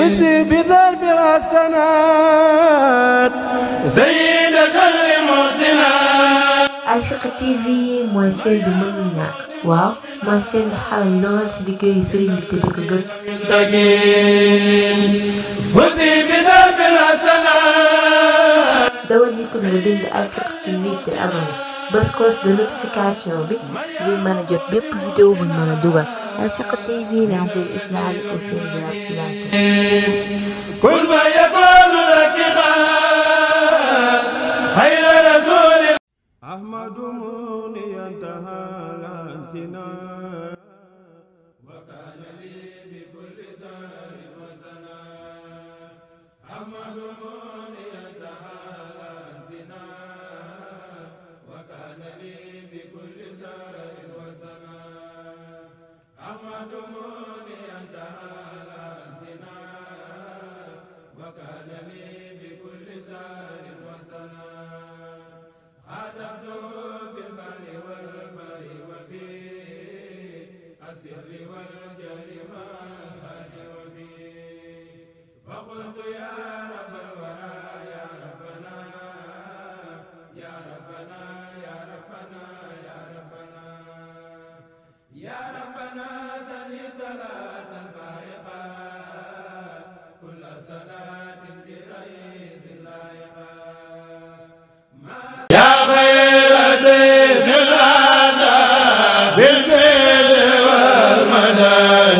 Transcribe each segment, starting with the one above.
بذنب الحسنات زين المحسنات Asfiya TV mooy seen bi mënul ñàkk waaw mooy seen bi xarañ lool ci liggéeyu sëriñ bi te dëkk gëstu. dawal YouTube nga bind Asfiya TV te abonné bës cloche de notification bi ngir mën jot bépp vidéo buñ mën a dugal. الفقه التيمي لانزل اسماعيل الكوسيني لانزل كل ما يفعل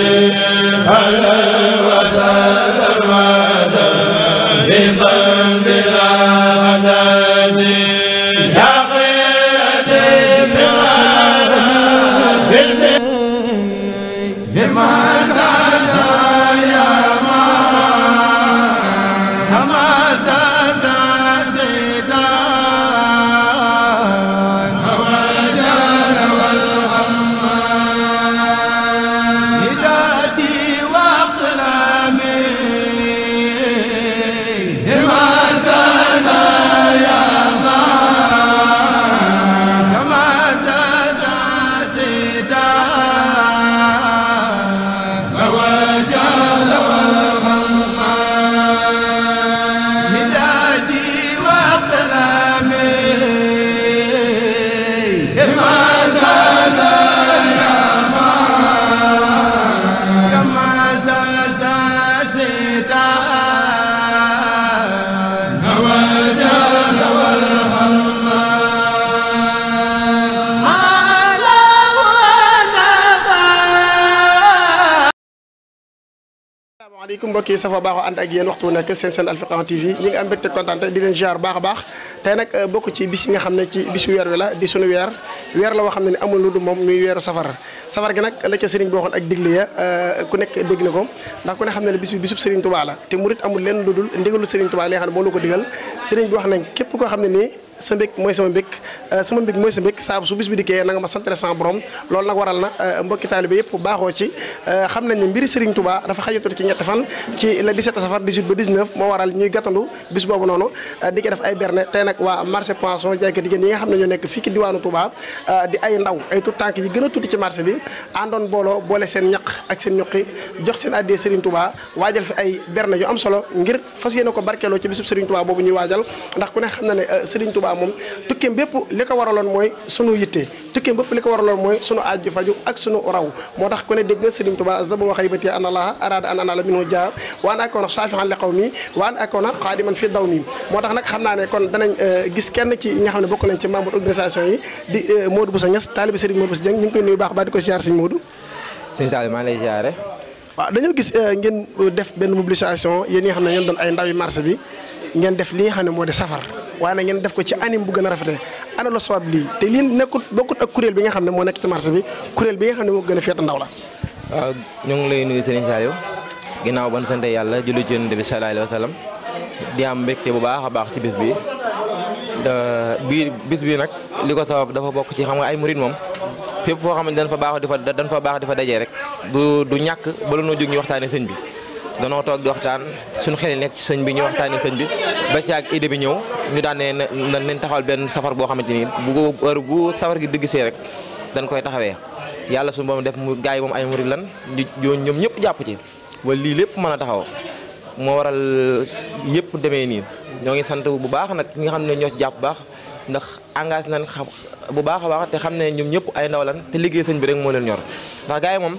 Thank you. asalaamaaleykum mbokk yi safa baaxoo ànd ak yéen waxtu nekk seen seen Alfiqh TV ñi ngi am mbégte kontaan te di leen ziar baax a baax tey nag euh, bokk ci bis yi nga xam ne ci bisu weer wi la di sunu weer weer la woo xam ne ne amul lu dul moom muy weeru safar safar gi nag la ca sëriñ bi waxoon ak digle ya euh, ku nekk dégg na ko ndax ku ne xam ne ne bis bi bisub sëriñ la te murit amul leen lu dul ndigalu sëriñ Tuubaa li nga xam ne moo lu ko digal sëriñ bi koo xam ne nii sa mbég mooy sama mbég euh, sama mbég mooy saabu su bis bi dikkee na ma santale sama borom loolu nag waral na euh, mbokki taalibe yëpp baaxoo ci euh, xam nañ ne mbiri Serigne Touba dafa xajatul ci ñetti fan ci le 17 safar 18 ba di ko def di ay ndaw ay tout tànk yi gën a ci marché bi àndoon booloo boole seen ñaq ak seen ñoqi jox seen addee Serigne Touba waajal fi ay berne yu am solo ngir fas yéene ko barkeeloo ci bisub Serigne Touba boobu ñuy waajal ndax ku ne Touba moom tukkeem bépp li ko waraloon mooy sunu yitte tukkeem bépp li ko waraloon mooy sunu aaju faju ak sunu raw moo tax ko ne dégg nga Sëriñ Touba zaba wa xaybati an allah an anala minhu jaar wa an akoona saafihan li qawmi wa an akoona xaadiman fi dawmi moo tax nag xam naa ne kon danañ eh, gis kenn ci ñi xam ne bokk nañ ci membre organisation yi di eh, Modou Boussa Niass taalibi Sëriñ Modou Boussa Dieng ñu ngi koy baax baax di ko ziar Sëriñ Modou sëñ Sall maa ngi lay ziare waaw dañoo gis eh, ngeen def benn mobilisation yéen ñi nga xam ne ñoom doon ay ndawi bi ngeen def li nga xam ne moo de safar waaye nag ngeen def ko ci anim bu gën a rafetee ana la sabab lii te lii nekkut bokkut ak kuréel bi nga xam ne moo nekk ci marché bi kuréel bi nga xam ne moo gën a féete ndaw la. waaw ngi lay nuyu Serigne Saliou ginnaaw ban sant yàlla julli ci Yonent bi sallallahu alayhi wa di am mbégte bu baax a baax ci bis bi bii bis bi nag li ko sabab dafa bokk ci xam nga ay murit moom fépp foo xam ne dan fa baax di fa dañ fa baax di dajee rek du du ñàkk ba lu ñu jóg ñu waxtaanee sëñ bi. danoo toog di waxtaan suñ xel yi sëñ bi ñu waxtaanee sëñ bi ba ci ak idée bi ñëw ñu daan ne na nañ taxawal benn safar boo xamante ni bu heure bu safar gi digg see rek dañ koy taxawee yàlla suñ boom def mu gars yi moom ay murid lan ñu ñoom ñëpp jàpp ci ba lii lépp mën taxaw moo waral yëpp demee nii ñoo ngi sant bu baax nag ñi nga xam ne ñoo ci jàpp baax ndax engagé bu baax a baax te xam ne ñoom ñëpp ay ndaw lan te liggéey sëñ bi rek moo leen ñor ndax gars moom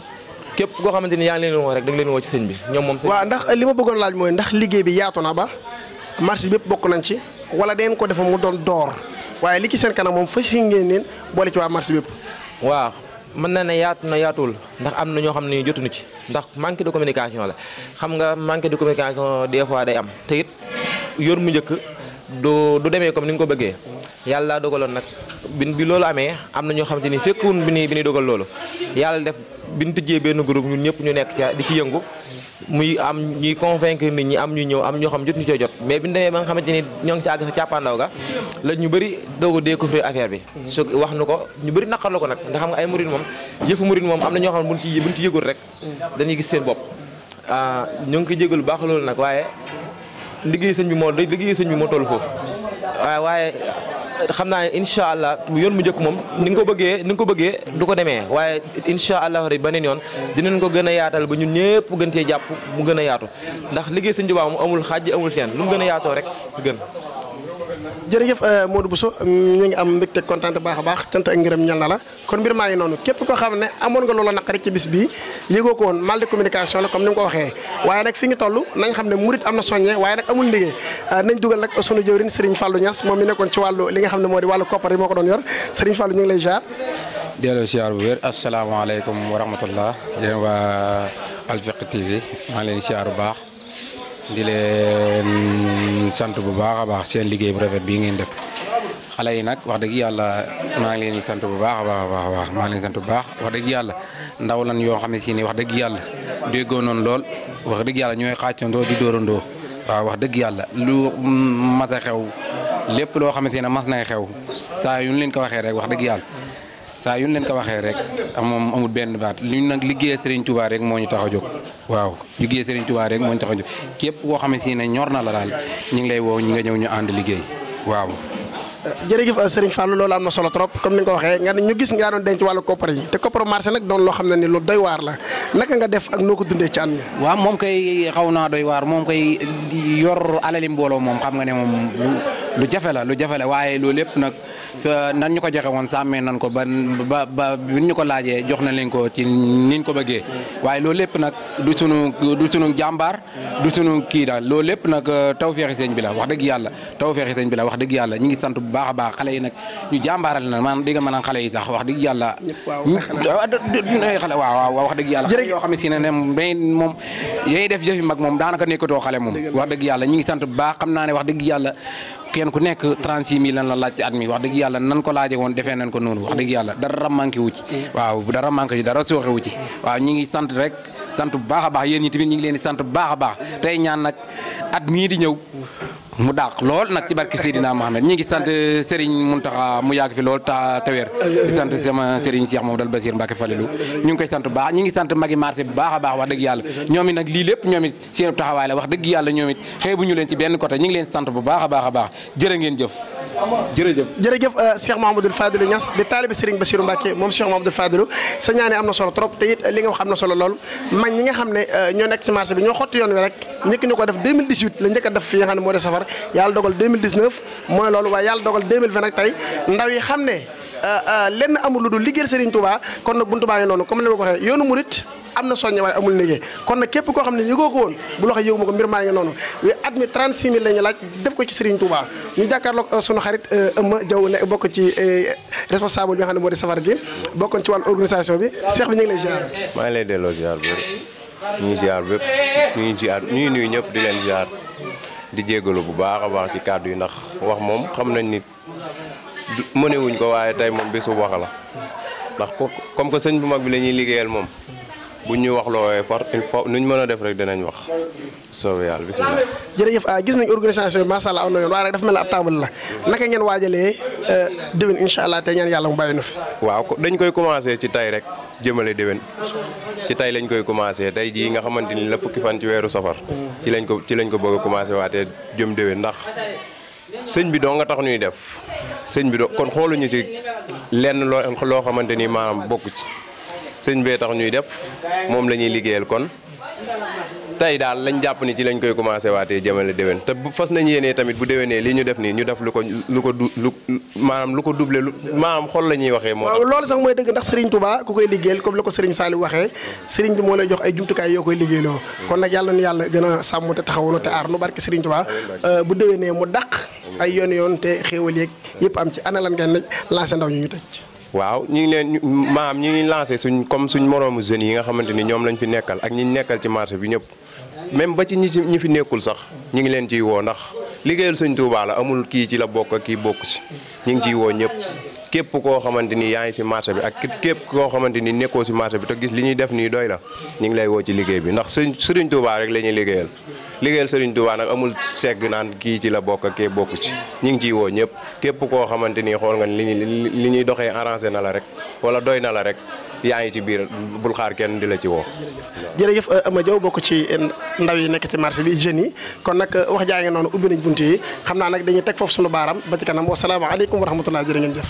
képp koo xamante ni yaa ngi leen woo rek da leen woo ci sëñ bi ñoom moom. waaw ndax li ma bëggoon laaj mooy ndax liggéey bi yaatu na ba marché bi bokk nañ ci wala deen ko defa mu doon door waaye li ci seen kanam moom fas ngeen leen boole ci waa marché bi yëpp. waaw na ne yaat na yaatuwul ndax am na ñoo xam ne jotuñu ci ndax manque de communication la xam nga manque de communication des fois day am te it yor mu njëkk du du demee comme ni nga ko bëggee. yàlla dogaloon nag bi bi loolu amee am na ñoo xamante ni fekkuwun bi ni bi ni dogal loolu yàlla def bi ñu tijjee benn groupe ñun ñëpp ñu nekk ca di ci yëngu muy am ñuy convaincre nit ñi am ñu ñëw am ñoo xam jot ñu cee jot mais bi ñu demee ba nga xamante ni ñoo ngi ci àgg sa càppaandaw ga la ñu bëri doog wax nu ko ñu bëri naqar la ko nag nga xam nga ay murid moom yëfu murid moom am na ñoo xam ne buñ ci buñ ci yëgul dañuy gis seen bopp ah, ñu ngi ko jégalu baax loolu nag waaye liggéey sëñ bi moo liggéey sëñ bi moo toll foofu ah, waaye xam naa ne incha allah yoon mu njëkk moom ni nga ko bëggee ni nga ko bëggee du ko demee waaye incha allah rek beneen yoon dinañ ko gën a yaatal ba ñun ñëpp gën cee jàpp mu gën a yaatu ndax liggéey Sëñ Tuubaa mu amul xaj amul seen lu mu gën a yaatoo rek gën. jërëjëf euh, Modou Bousso euh, ñu ngi am mbégte kontaan baax baax cant ak ngërëm ñal na la kon mbir ma ngi nonu képp ko xamné amon amoon nga loola naqari ci bis bi yëgoo ko won mal de communication la comme ni nga ko waxee waaye nag fi ngi tollu nañ xamné ne amna am na nak amul ligé euh, nañ duggal nak sunu jëwriñ Serigne Fallou ñass mom mi nekkon ci walu li nga xamné modi walu copar yi moko ko doon yor Serigne Fallou ñu ngi lay jaar délo ziar bu wër assalamu alaykum wa rahmatullah yéen waa Alfiq TV ma ngi leen siyaar bu baax di leen mm, sant bu baax a baax seen liggéey bu rafet bii ngeen def xale yi nag wax dëgg yàlla maa ngi leen sant bu baax a baax a baax maa ngi sant bu baax wax dëgg yàlla ndaw lan yoo xam ni wax dëgg yàlla déggoo noon lool wax dëgg yàlla ñooy xaacandoo di dóorandoo waaw wax dëgg yàlla lu mm, mas a xew lépp loo xamante ne mas nay xew saa yu ñu leen ko waxee rek wax dëgg yàlla sa yun len ko waxe rek moom amul benn baat li nak liggéeyal Serigne Touba rek wow. taxo sering a jóg waaw liggéeyal Serigne Touba rek moñu taxo tax kep ko képp koo si sering ñor na la dal ñing lay wo ñinga ñew ñu liggéey waaw. Euh, Serigne am solo trop comme ni nga waxe nga ñu gis nga don denc walu koppar te koppar marché nak don lo xam ni lu doy war la naka nga def ak noko dundé ci ànd mi. mom kay xawna doy war mom kay yor alalim bolo mom xam nga ne mom lu jafe la lu jafe waaye loolu yëpp nag nan ñu ko joxe woon sàmmee nan ko ba ba ba bi ñu ko laajee jox na leen ko ci niñ ko bëggee waaye loolu lépp nag du sunu du sunu jàmbaar du sunu kii daal loolu lépp nag euh, tawfeexi sëñ bi la wax dëgg yàlla tawfeexi sëñ bi la wax dëgg yàlla ñu ngi sant bu baax a baax xale yi nag ñu jàmbaaral na maan di nga mën a xale yi sax wax dëgg yàlla xale waaw waaw wax dëgg yàlla yoo xam ne si ne ne moom yéen def jëfi mag moom daanaka nekkatoo xale moom wax dëgg yàlla ñu ngi sant bu baax xam naa ne wax dëgg yàlla kenn ku nekk trente-six mille lan la laaj wax dëgg yàlla nan ko laaje woon defee nañ ko noonu wax dëgg yàlla dara manqué wu mm. waaw dara manqué dara sooxe wu mm. waaw ñi sant rek sant baax a baax yéen ñi tamit ñi sant baax a baax tey ñaan nag at di ñëw mm. mu dàq lool nag ci barke Seydina Mohamed ñi ngi sant Serigne Mountakha mu yàgg fi lool ta teweer wér di sant sama Serigne Cheikh Mamadou Al Basir Mbacke Falilou ñu ngi koy sant baax ñu ngi sant magi marché bu baax a baax wax dëgg yàlla ñoom it nag lii lépp ñoom taxawaay la wax dëgg yàlla ñoom it xeebuñu leen ci benn côté ñu ngi leen sant bu baax a baax a baax ngeen jëf jërëjëf jërëjëf euh, Cheikh Mouhamadoul Fadilou Niass di taalibe Serigne Bassirou Mbacké moom Cheikh Mouhamadoul Fadilou sa ñaane am na solo trop te it li nga wax am solo lool mag ñi nga xam ne euh, ñoo nekk ci marché bi ñoo xotti yoon wi rek njëkk ñu ko def 2018 la njëkk a def fi nga xam ne moo de safar yàlla dogal 2019 mooy loolu nag tey ndaw yi xam ne euh, lenn amul lu dul liggéeyal Serigne Touba kon nag buntu baa ngi noonu comme li ko waxee yoonu murit am na soññe waaye amul liggéey kon nag képp koo xam ne yëgoo ko woon bu loxo yëgu ma ko mbir maa ngi noonu mais at mi 36 000 la ñu laaj def ko ci Serigne Touba ñu jàkkaarloog euh, sunu xarit euh, Eumeu Diaw ne bokk ci euh, responsable bi nga xam ne moo di safar gi bokkoon ci wàllu organisation bi seex bi ñu lay ziar. maa lay delloo ziar bu ñu ziar bépp ñu ziar ñu nuyu ñëpp di leen ziar di jégalu bu baax a baax ci kàddu yi ndax wax moom xam nañ ni wuñ ko waaye tey moom bi bésu wax la ndax comme que sëñ bu mag bi la ñuy liggéeyal moom bu ñuy wax loo par il faut nuñ mën a def rek dinañ wax soobee yàlla bisimilah. jërëjëf ah gis nañ organisation bi macha allah am na yoon waaye rek dafa mel ne ab table la naka ngeen waajalee euh, déwén incha allah te ñaan yàlla mu bàyyi nu fi. waaw dañ koy commencé ci tay rek jëmale déwén ci tay lañ koy commencé tey jii nga xamante ni la fukki fan ci weeru safar. ci lañ ko ci lañ ko bëgg a commencé waatee jëm déwén ndax. sëñ bi doo nga tax ñuy def sëñ bi doo kon ñu ci lenn loo loo xamante ni maanaam bokku ci sëñ bee tax ñuy def moom la ñuy liggéeyal kon tey daal lañ jàpp ni ci lañ koy commencé waatee jëmale déwén te bu fas nañ yéenee tamit bu déwénee li ñu def nii ñu def lu ko lu ko du lu maanaam lu ko doublé lu maanaam xol la ñuy waxee. moo waaw loolu sax mooy dëgg ndax Serigne Touba ku koy liggéeyal comme la ko Serigne Saliou waxee Serigne bi moo lay jox ay jumtukaay yoo koy liggéeyloo. kon nag yàlla na yàlla gën a sàmm te taxawu nu te aar nu barke Serigne Touba euh, bu déwénee mu dàq. ay yoon yoon te xéewal yeeg yëpp am ci ana lan ngeen lancé ndaw ñu ñu waaw ñu ngi leen maam ñu ngi lancé suñ comme suñ moroomu jeunes yi nga xamante ni ñoom lañu fi nekkal ak ñi nekkal ci marché bi ñëpp même ba ci ñi ci ñi fi nekkul sax ñu ngi leen ciy woo ndax liggéeyal suñ Tuubaa amul kii ci la bokk ak kii bokk si ñu ngi ciy woo ñëpp képp koo xamante ni yaa ngi si marché bi ak képp koo xamante ni nekkoo si marché bi te gis li ñuy def nii doy la ñu ngi lay woo ci liggéey bi ndax suñ Sëriñ Tuubaa rek la ñuy liggéeyal liggéeyal Serigne Touba nag amul segg naan kii ci la bokk ak kee bokku ci ñu ngi ciy woo ñëpp képp koo xamante ni xool nga ni li ñuy li ñuy doxee arrangé na la rek wala doy na la rek yaa ngi ci biir bul xaar kenn di la ci woo. jërëjëf euh, Ama jaw bokk ci euh, ndaw yi nekk ci marché bi jeunes yi kon nag euh, wax jaa ngi noonu ubbi nañ bunt yi xam naa nag dañuy teg foofu sunu baaram ba ci kanam wasalaamaaleykum wa rahmatulah jërë ngeen jëf.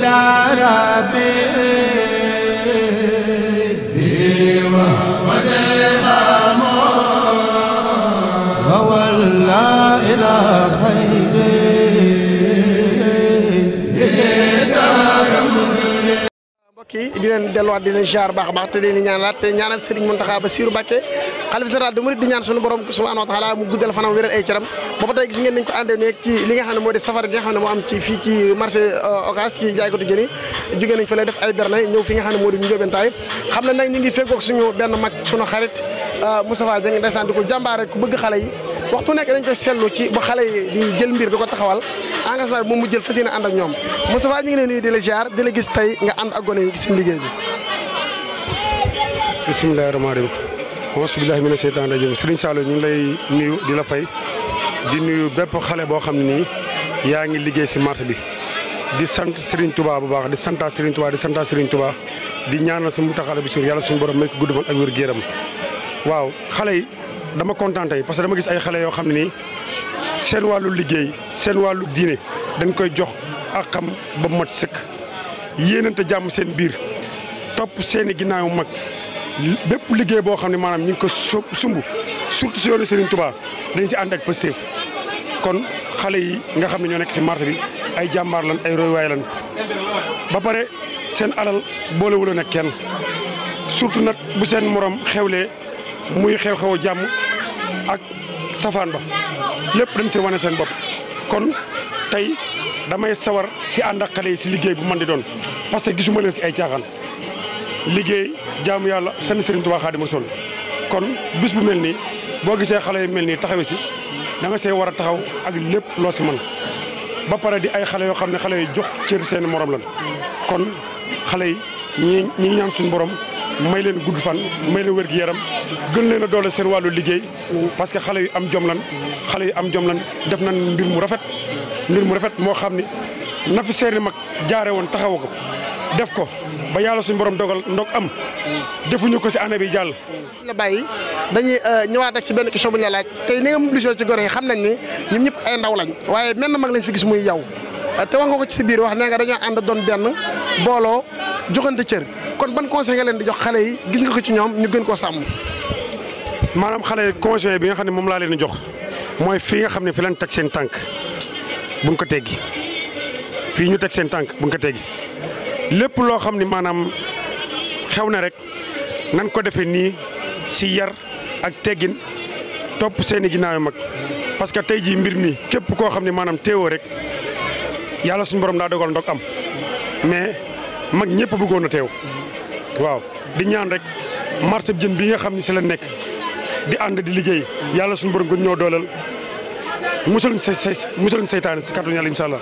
دارا بے mbokk yi di leen delluwaat di leen baax a baax te di leen ñaanalaat te ñaanal Serigne Mountakha Bassirou Mbacké xalif général du murid di ñaan suñu mu guddal fanam wéral ay caram booba tey gis ngeen nga xam ne moo di safar bi nga xam am ci fii ci marché euh, Ocass ci jaaykatu jën yi jógee nañ fa def ay berne ñëw fi nga xam ne moo di Ndiobentaay xam ne nag ñu ngi feggoog suñu benn mag suñu xarit euh, Moustapha Dieng ndeysaan di ko jàmbaare ku bëgg xale yi waxtu nek dañ ko sellu ci ba xalé yi di jël mbir di ko taxawal engagement bi moom mu jël fasiyena and ak ñom mustafa ñi ngi leen nuyu di la jaar di la gis tay nga and ak gone yi ci liggéey bi. bismillahir rahmanir rahim rahiim bisimilah mina seytaan rajim Serigne Saliou ñu ngi lay nuyu di la fay di nuyu bépp xalé bo xamni ne nii yaa ngi liggéey si marché bi di sant Serigne Touba bu baax di santa Serigne Touba di santa Serigne Touba di ñaanal suñu taxala bi sur yalla suñu borom may ko gudd fan ak wër geeram waaw xalé yi dama kontaan tey parce que dama gis ay xale yoo xam ne nii seen wàllu liggéey seen wàllu diine dañ koy jox ak xam ba mat sëkk yéenante jàmm seen biir topp seeni ginnaaw mag bépp liggéey boo xam ne maanaam ñu ngi ko sumb surtout si yoonu Serigne Touba dañ si ànd ak positif kon xale yi nga xam ne ñoo nekk ci marché bi ay jàmbaar lan ay royuwaay lan ba pare seen alal boolewul ak kenn surtout nag bu seen moroom xewlee. muy xew-xewu jàmm ak safaan ba lépp dañ ci wane seen bopp kon tey damay sawar si ànd ak xale yi si liggéey bu man di doon parce que gisuma leen si ay caaxaan liggéey jaamu yàlla seen Sëriñ Tuubaa Xaadimu Rasuul kon bis bu mel nii boo gisee xale yu mel nii taxaw si da nga see war a taxaw ak lépp loo si mën ba pare di ay xale yoo xam ne xale yi jox cër seen morom lan kon xale yi ñi ñi ñaan suñu borom may leen gudd fan may leen wérgu yaram gën leen a doole seen wàllu liggéey parce que xale yu am jom xale yu am jom def na mbir mu rafet mbir mu rafet moo xam ni na fi mag jaare woon taxawu ko def ko ba yàlla suñu borom dogal ndog am defuñu ko si année bi jàll. la bàyyi dañuy euh, ñëwaat ak si benn question bu ñu la laaj tey ni nga gone yi xam nañ ni ñun ñëpp ay ndaw lañ waaye menn mag lañ fi gis muy yow euh, te wax nga ko ci si biir wax nee nga dañoo ànd doon benn booloo joxante cër. kon ban conseil nga len di jox xalé yi gis nga ko ci ñom ñu gën ko sam manam xalé conseil bi nga xamni mom la len di jox moy fi nga xamni fi lañ tek seen tànk buñ ko teggi fi ñu tek seen tànk buñ ko teggi lepp lo xamni manam xewna rek nan ko defé ni ci yar ak teggin top seen ginaaw mak parce que tay ji mbir mi kep ko xamni manam teewo rek yalla suñu borom da dogal ndok am mais. mag ñëpp bëggoon a teew waaw di ñaan rek marché bi jën bi nga xam ne si la nekk di ànd di liggéey yàlla suñu borom gën ñoo dooleel musal sa sa musal seytaane si kàttanu yàlla incha allah.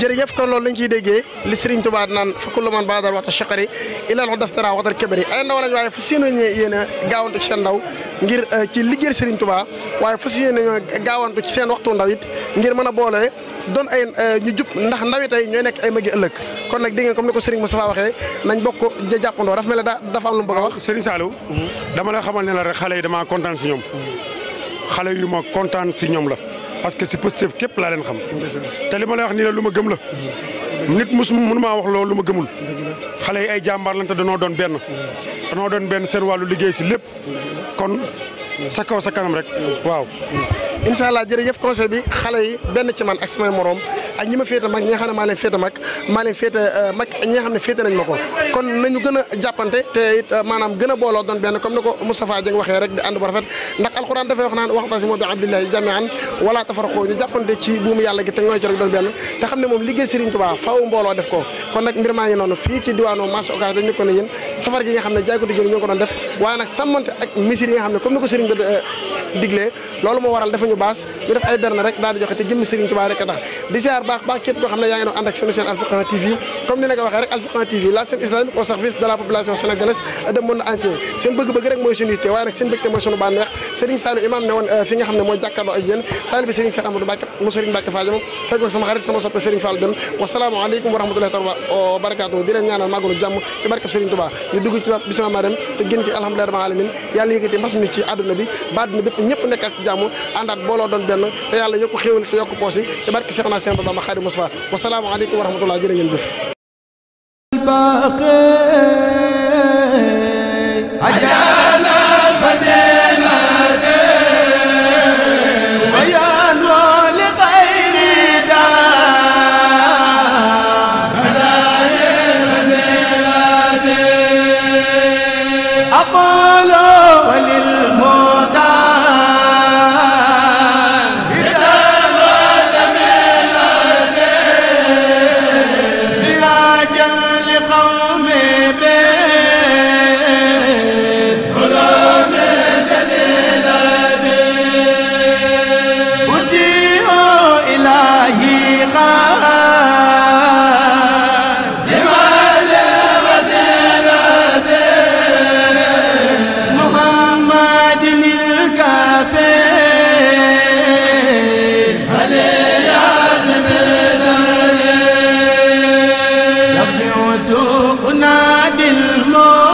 jërëjëf kon loolu lañ ciy déggee li Serigne Touba naan fakkullu man baadal waxta chaqari ilal ko def dara waxta ndaw lañ waaye fas yéene yéen a gaawantu ci seen ndaw ngir eh, ci liggéey Serigne Touba waaye fas ci seen waxtu ndaw it ngir mën a boole doon ay eh, ñu jub ndax ndaw ay ñooy nekk ay magi ëllëg kon nag dégg ngeen comme ni ko Serigne Moustapha waxee nañ bokk ja jàppandoo dafa mel ne dafa am lu mu bëgg a wax. Serigne Saliou. Hmm. dama la xamal ne la rek xale yi damaa kontaan si ñoom. Hmm. xale yu ma kontaan si ñoom la parce que si positif képp laa leen xam te li ma la wax nii la lu ma gëm la nit mos mënu maa wax loolu lu ma gëmul xale yi ay jàmbaar lañ te danoo doon benn danoo doon benn seen wàllu liggéey si lépp kon sa kaw sa kanam rek waaw incha allah jërëjëf conseil bi xale yi benn ci man ak samay moroom ak ñi ma féete mag ñi nga xam ne maa leen mag maa euh, xam ne féete nañ ma ko kon nañu gën a jàppante te euh, maanaam gën a booloo doon benn comme ni ko Moustapha Dieng waxee rek di ànd bu rafet ndax alxuraan dafay wax naan wa'tasimu bi hablillahi jami'an wala tafarraqu ñu jàppante ci buumu yàlla gi te ñooy ci doon benn te xam ne moom liggéey Serigne Touba faaw mbooloo def ko kon nag mbir maa ngi noonu fii ci diwaanu marché Ocass dañu ko ne yéen safar gi nga ñu def joxe te jëmmi Serigne Touba rek tax di baax baax képp koo xam ne yaa ngi doon ànd ak sunu chaîne Alfurqan TV comme ni la ko waxee rek Alfurqan TV la chaîne islamique au service de la population sénégalaise de monde entier seen bëgg-bëgg rek mooy sunu yitte waaye nag seen bëgg mooy sunu bànneex Serigne Saliou imam ne woon euh, fi nga xam ne mooy jàkkaarloo ak yéen taalibe Serigne Cheikh Amadou dem wasalaamaaleykum wa rahmatullahi taala wa barakatuh di leen ñaanal kenn te yàlla yokk xéewal te yokk poos yi te barke Seex naa Seex Bamba Xaadimu Mustafaa wa salaamu aleykum wa rahmatullah jërë ngeen jëf